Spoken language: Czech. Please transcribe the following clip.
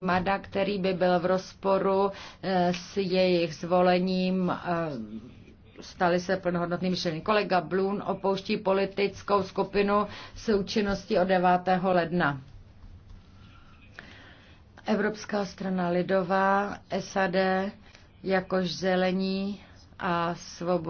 Mada, který by byl v rozporu eh, s jejich zvolením eh, stali se plnohodnotným členy. Kolega Blun opouští politickou skupinu s účinností od 9. ledna. Evropská strana lidová, SAD, jakož zelení a svobodní.